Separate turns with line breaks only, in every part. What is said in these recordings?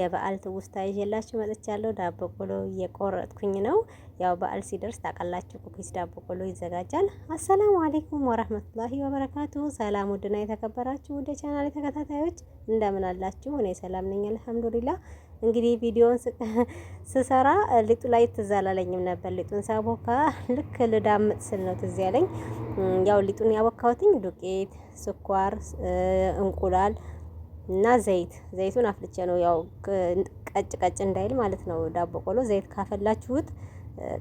የበዓል ትውስታ ይዤላችሁ መጥቻለሁ። ዳቦ ቆሎ እየቆረጥኩኝ ነው። ያው በዓል ሲደርስ ታውቃላችሁ ኩኪስ ዳቦ ቆሎ ይዘጋጃል። አሰላሙ አሌይኩም ወራህመቱላሂ ወበረካቱ። ሰላም ውድና የተከበራችሁ ወደ ቻናል ተከታታዮች እንደምን አላችሁ? እኔ ሰላም ነኝ አልሐምዱሊላ። እንግዲህ ቪዲዮውን ስሰራ ሊጡ ላይ ትዝ አላለኝም ነበር። ሊጡን ሳቦካ ልክ ልዳምጥ ስል ነው ትዝ ያለኝ። ያው ሊጡን ያቦካሁትኝ ዱቄት፣ ስኳር፣ እንቁላል እና ዘይት ዘይቱን አፍልቼ ነው ያው ቀጭ ቀጭ እንዳይል ማለት ነው። ዳቦ ቆሎ ዘይት ካፈላችሁት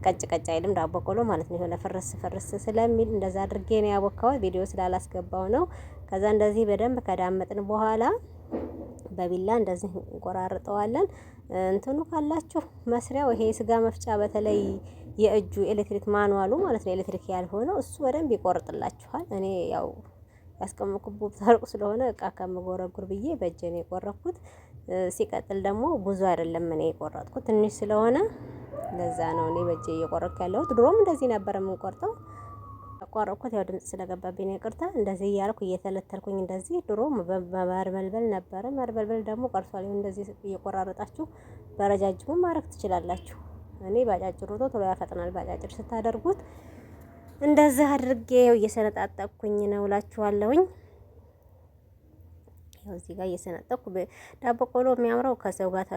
ቀጭ ቀጭ አይልም ዳቦ ቆሎ ማለት ነው። የሆነ ፍርስ ፍርስ ስለሚል እንደዛ አድርጌ ነው ያቦካሁት። ቪዲዮ ስላላስገባው ነው። ከዛ እንደዚህ በደንብ ከዳመጥን በኋላ በቢላ እንደዚህ እንቆራርጠዋለን። እንትኑ ካላችሁ መስሪያው ይሄ የስጋ መፍጫ በተለይ የእጁ ኤሌክትሪክ ማንዋሉ ማለት ነው ኤሌክትሪክ ያልሆነው እሱ በደንብ ይቆርጥላችኋል። እኔ ያው ያስቀመጥኩት ቦብ ስለሆነ እቃ ከምጎረጉር ብዬ በእጄ ነው የቆረኩት። ሲቀጥል ደግሞ ብዙ አይደለም እኔ የቆረጥኩት ትንሽ ስለሆነ ለዛ ነው እኔ በእጄ እየቆረኩ ያለሁት። ድሮም እንደዚህ ነበር የምንቆርጠው። ቆረኩት ያው ድምጽ ስለገባብኝ ነው ይቅርታ። እንደዚህ እያልኩ እየተለተልኩኝ እንደዚህ ድሮ መርበልበል ነበረ። መርበልበል ደግሞ ቀርሷል። እንደዚህ እየቆራረጣችሁ በረጃጅሙ ማድረግ ትችላላችሁ። እኔ ባጫጭሩ ቶሎ ያፈጥናል። ባጫጭር ስታደርጉት እንደዚህ አድርጌ ያው እየሰነጣጠኩኝ ነው እላችኋለሁኝ። ያው እዚህ ጋር እየሰነጠቅኩ ዳቦ ቆሎ የሚያምረው ከሰው ጋር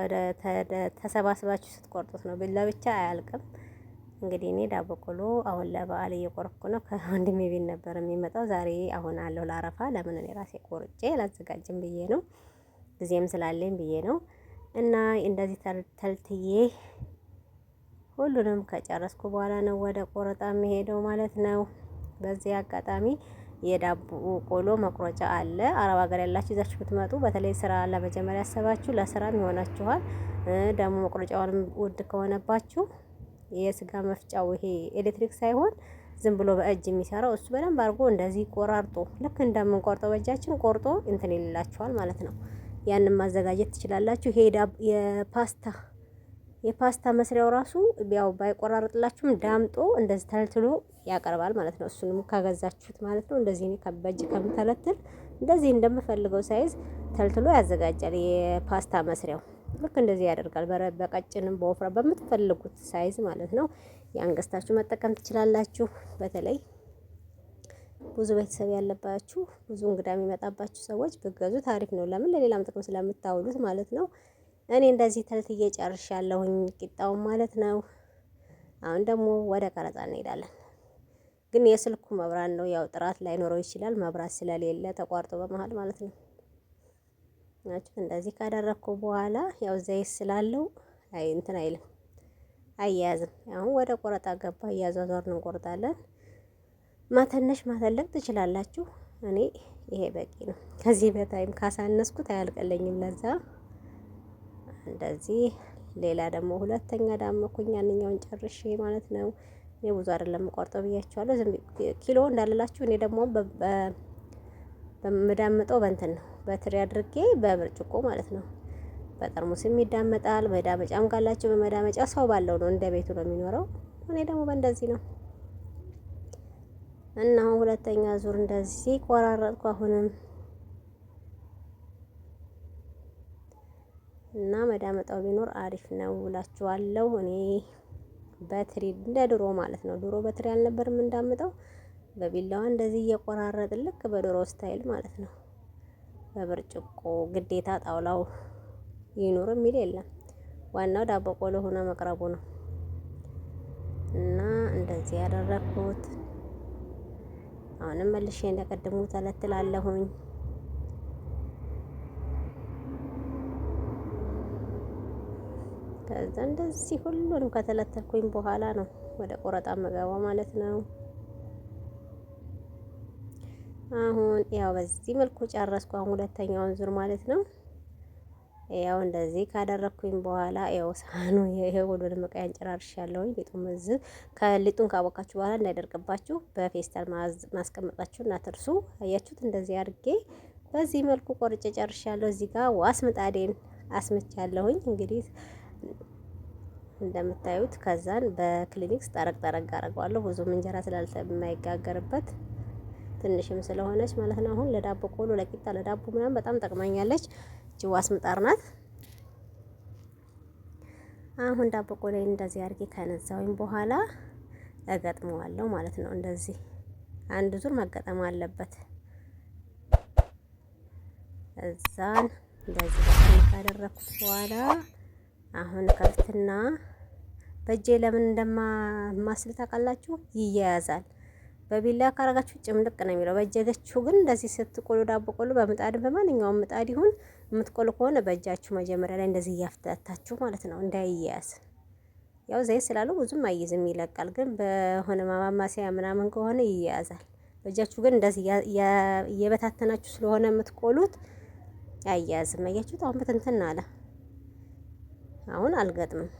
ተሰባስባችሁ ስትቆርጡት ነው። ለብቻ አያልቅም። እንግዲህ እኔ ዳቦ ቆሎ አሁን ለበዓል እየቆረኩ ነው። ከወንድሜ ቤት ነበር የሚመጣው ዛሬ። አሁን አለው ለአረፋ ለምን እኔ ራሴ ቆርጬ ላዘጋጅም ብዬ ነው ጊዜም ስላለኝ ብዬ ነው እና እንደዚህ ተልትዬ ሁሉንም ከጨረስኩ በኋላ ነው ወደ ቆረጣ የሚሄደው ማለት ነው። በዚህ አጋጣሚ የዳቦ ቆሎ መቁረጫ አለ። አረብ ሀገር ያላችሁ ይዛችሁ ብትመጡ በተለይ ስራ ለመጀመሪያ ያሰባችሁ ለስራም ይሆናችኋል። ደግሞ መቁረጫውንም ውድ ከሆነባችሁ የስጋ መፍጫው ይሄ ኤሌክትሪክ ሳይሆን ዝም ብሎ በእጅ የሚሰራው እሱ በደንብ አድርጎ እንደዚህ ቆራርጦ ልክ እንደምንቆርጠው በእጃችን ቆርጦ እንትን ይልላችኋል ማለት ነው። ያንን ማዘጋጀት ትችላላችሁ። ይሄ የፓስታ የፓስታ መስሪያው ራሱ ያው ባይቆራረጥላችሁም ዳምጦ እንደዚህ ተልትሎ ያቀርባል ማለት ነው። እሱንም ካገዛችሁት ማለት ነው። እንደዚህ እኔ በእጅ ከምተለትል እንደዚህ እንደምፈልገው ሳይዝ ተልትሎ ያዘጋጃል። የፓስታ መስሪያው ልክ እንደዚህ ያደርጋል። በቀጭንም በወፍራ በምትፈልጉት ሳይዝ ማለት ነው። የአንገስታችሁ መጠቀም ትችላላችሁ። በተለይ ብዙ ቤተሰብ ያለባችሁ ብዙ እንግዳ የሚመጣባችሁ ሰዎች ብገዙ ታሪፍ ነው። ለምን ለሌላም ጥቅም ስለምታውሉት ማለት ነው። እኔ እንደዚህ ተልትዬ ጨርሻለሁኝ ቂጣውን ማለት ነው። አሁን ደግሞ ወደ ቀረጻ እንሄዳለን። ግን የስልኩ መብራት ነው ያው ጥራት ላይኖረው ይችላል። መብራት ስለሌለ ተቋርጦ በመሀል ማለት ነው ናችሁ። እንደዚህ ካደረግኩ በኋላ ያው ዘይት ስላለው አይ እንትን አይልም አያያዝም። አሁን ወደ ቆረጣ ገባ። እያዟዟርን እንቆርጣለን። ማተነሽ ማተለቅ ትችላላችሁ። እኔ ይሄ በቂ ነው። ከዚህ በታይም ካሳነስኩት አያልቀለኝም ለዛ እንደዚህ ሌላ ደግሞ ሁለተኛ ዳመኩኝ። ያንኛውን ጨርሼ ማለት ነው። እኔ ብዙ አይደለም ቆርጠው ብያቸዋለሁ። ዝም ኪሎ እንዳለላችሁ እኔ ደግሞ በምዳምጠው በእንትን ነው በትሪ አድርጌ በብርጭቆ ማለት ነው። በጠርሙስም ይዳመጣል። መዳመጫም ካላችሁ በመዳመጫ ሰው ባለው ነው እንደ ቤቱ ነው የሚኖረው። እኔ ደግሞ በእንደዚህ ነው እና ሁለተኛ ዙር እንደዚህ ቆራረጥኩ አሁንም እና መዳመጣው ቢኖር አሪፍ ነው ብላችኋለሁ። እኔ በትሪ እንደ ድሮ ማለት ነው። ድሮ በትሪ አልነበርም እንዳምጠው በቢላዋ እንደዚህ እየቆራረጥ ልክ በድሮ ስታይል ማለት ነው። በብርጭቆ ግዴታ ጣውላው ይኑር የሚል የለም። ዋናው ዳቦ ቆሎ ሆነ መቅረቡ ነው። እና እንደዚህ ያደረኩት አሁንም መልሼ እንደቀድሙ ተለትላለሁኝ። ከዛ እንደዚህ ሁሉንም ከተለተልኩኝ በኋላ ነው ወደ ቆረጣ መገባው ማለት ነው። አሁን ያው በዚህ መልኩ ጨረስኩ። አሁን ሁለተኛውን ዙር ማለት ነው። ያው እንደዚህ ካደረግኩኝ በኋላ ያው ሳህኑ ይሄው ሁሉንም ዕቃ ያንጨራርሻለሁኝ። ሊጡን እዚህ ከሊጡን ካቦካችሁ በኋላ እንዳይደርቅባችሁ በፌስታል ማስቀመጣችሁ እናትርሱ። አያችሁት? እንደዚህ አድርጌ በዚህ መልኩ ቆርጬ ጨርሻለሁ። እዚህ ጋር ዋስ ምጣዴን አስመቻለሁኝ እንግዲህ እንደምታዩት ከዛን በክሊኒክስ ጠረቅ ጠረቅ አረገዋለሁ። ብዙም እንጀራ የማይጋገርበት ትንሽም ስለሆነች ማለት ነው። አሁን ለዳቦ ቆሎ፣ ለቂጣ፣ ለዳቦ ምናምን በጣም ጠቅማኛለች። ጅዋስ ምጣር ናት። አሁን ዳቦ ቆሎ እንደዚህ አድርጌ ከነዛውኝ በኋላ እገጥመዋለሁ ማለት ነው። እንደዚህ አንድ ዙር መገጠም አለበት። እዛን እንደዚህ ካደረኩት በኋላ አሁን ከፍትና በእጄ ለምን እንደማስል ታውቃላችሁ? ይያያዛል። በቢላ ካረጋችሁ ጭምልቅ ነው የሚለው። በእጀገችሁ ግን እንደዚህ ስትቆሉ ዳቦ ቆሉ፣ በምጣድ በማንኛውም ምጣድ ይሁን የምትቆሉ ከሆነ በእጃችሁ መጀመሪያ ላይ እንደዚህ እያፍታታችሁ ማለት ነው እንዳይያያዝ። ያው ዘይት ስላለው ብዙም አይይዝም ይለቃል። ግን በሆነ ማማማሰያ ምናምን ከሆነ ይያያዛል። በእጃችሁ ግን እንደዚህ እየበታተናችሁ ስለሆነ የምትቆሉት አያያዝም። አያችሁት? አሁን በትንትን አለ። አሁን አልገጥምም።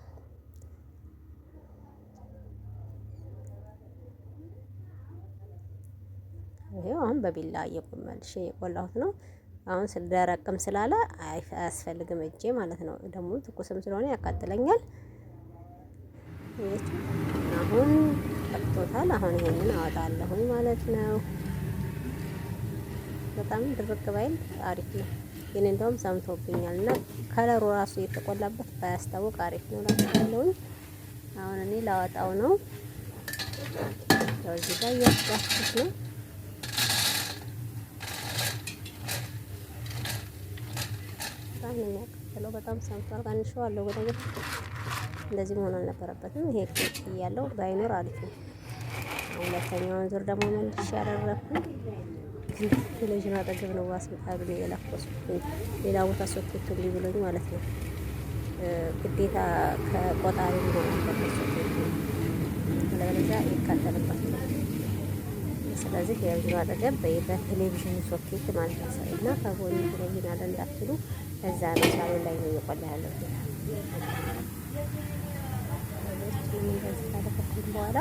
ይሄው አሁን በቢላ እየቆመልሽ የቆላሁት ነው። አሁን ስለደረቅም ስላለ አያስፈልግም እጄ ማለት ነው። ደግሞ ትኩስም ስለሆነ ያቃጥለኛል። አሁን ጠቅቶታል። አሁን ይሄንን አወጣለሁ ማለት ነው። በጣም ድርቅ ባይል አሪፍ ነው። ግን እንደውም ሰምቶብኛል እና ከለሩ ራሱ የተቆላበት ባያስታውቅ አሪፍ ነው ላለሁኝ። አሁን እኔ ላወጣው ነው። እዚህ ጋር እያስጋፍኩት ነው በጣም ነው የሚያቃጥለው። በጣም ሰንፈር ቀንሼዋለሁ። ወደዚህ እንደዚህ መሆን አልነበረበትም። ይሄ ቁጭ እያለው ባይኖር አሪፍ ነው። ሁለተኛውን ዙር ደግሞ መልሼ ያደረኩት ቴሌቪዥን አጠገብ ነው። ዋስ ምጣዱ የለኮስኩኝ ሌላ ቦታ ሶኬቱ ሊብሎኝ ማለት ነው። ግዴታ ከቆጣሪ ሆነ ሶኬቱ ለበለዚያ ይካተልበት ነው። ስለዚህ ቴሌቪዥኑ አጠገብ በቴሌቪዥን ሶኬት ማለት ነው እና ከጎኑ ቴሌቪዥን አለ እንዳትሉ ከዛ ነው ሳሎን ላይ ነው እየቆላ በኋላ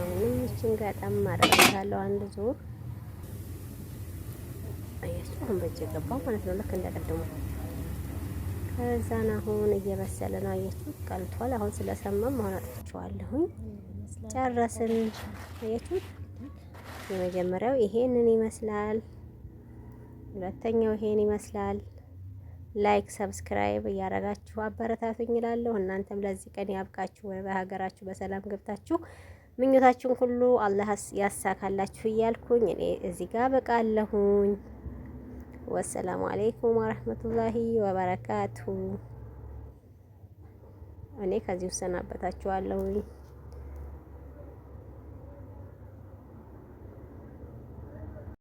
አሁንም እችን ጋጣም ማረጋታለሁ አንድ ዙር እየሱ አሁን በእጅ የገባው ማለት ነው ልክ እንደቀደሙ ከዛን አሁን እየበሰለ ነው አያችሁ ቀልቷል አሁን ስለሰማም አሁን አጥፍቼዋለሁኝ ጨረስን አያችሁ የመጀመሪያው ይሄንን ይመስላል። ሁለተኛው ይሄን ይመስላል። ላይክ ሰብስክራይብ እያደረጋችሁ አበረታቱኝ እላለሁ። እናንተም ለዚህ ቀን ያብቃችሁ፣ ወይ በሀገራችሁ በሰላም ገብታችሁ ምኞታችሁን ሁሉ አላህ ያሳካላችሁ እያልኩኝ እኔ እዚህ ጋር በቃለሁኝ። ወሰላሙ አሌይኩም ወረህመቱላሂ ወበረካቱ። እኔ ከዚህ እሰናበታችኋለሁኝ።